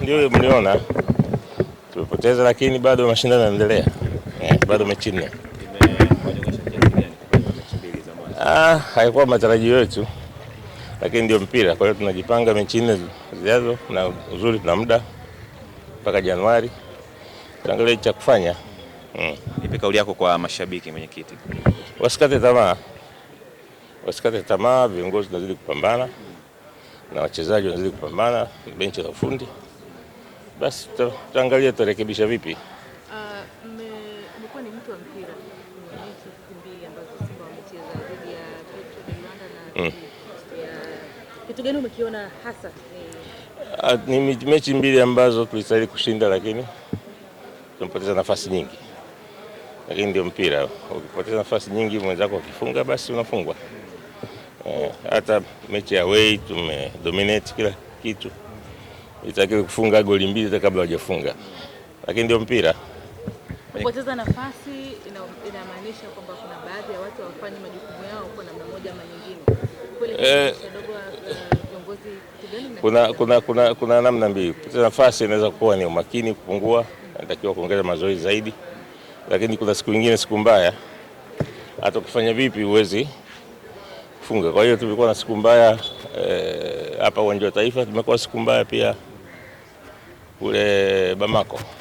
ndio mliona tumepoteza, lakini bado mashindano yanaendelea, eh, bado mechi nne. Ah, haikuwa matarajio yetu, lakini ndio mpira. Kwa hiyo tunajipanga mechi nne zijazo, na uzuri tuna muda mpaka Januari, tuangalie cha kufanya. Nipe mm. kauli yako kwa mashabiki, mwenyekiti. Wasikate tamaa, wasikate tamaa, viongozi tunazidi kupambana na wachezaji wanazidi kupambana, benchi la ufundi basi tutaangalia tutarekebisha vipi. Uh, ni mm. kitu gani umekiona hasa? Ni ah, mechi mbili ambazo tulistahili kushinda, lakini tumepoteza nafasi nyingi, lakini ndio mpira. Ukipoteza nafasi nyingi mwenzako akifunga basi unafungwa. Eh, hata mechi ya away tumedominate kila kitu itakiwe kufunga goli mbili hata kabla hajafunga, lakini ndio mpira. Kupoteza nafasi inamaanisha kwamba kuna baadhi ya watu hawafanyi majukumu yao kwa namna moja ama nyingine. Kuna, eh, eh, kuna, kuna, kuna namna mbili. Kupoteza nafasi inaweza kuwa ni umakini kupungua, natakiwa kuongeza mazoezi zaidi, lakini kuna siku nyingine, siku mbaya, hata ukifanya vipi huwezi kufunga. Kwa hiyo tulikuwa na siku mbaya eh, hapa eh, uwanja wa Taifa, tumekuwa siku mbaya pia kule Bamako.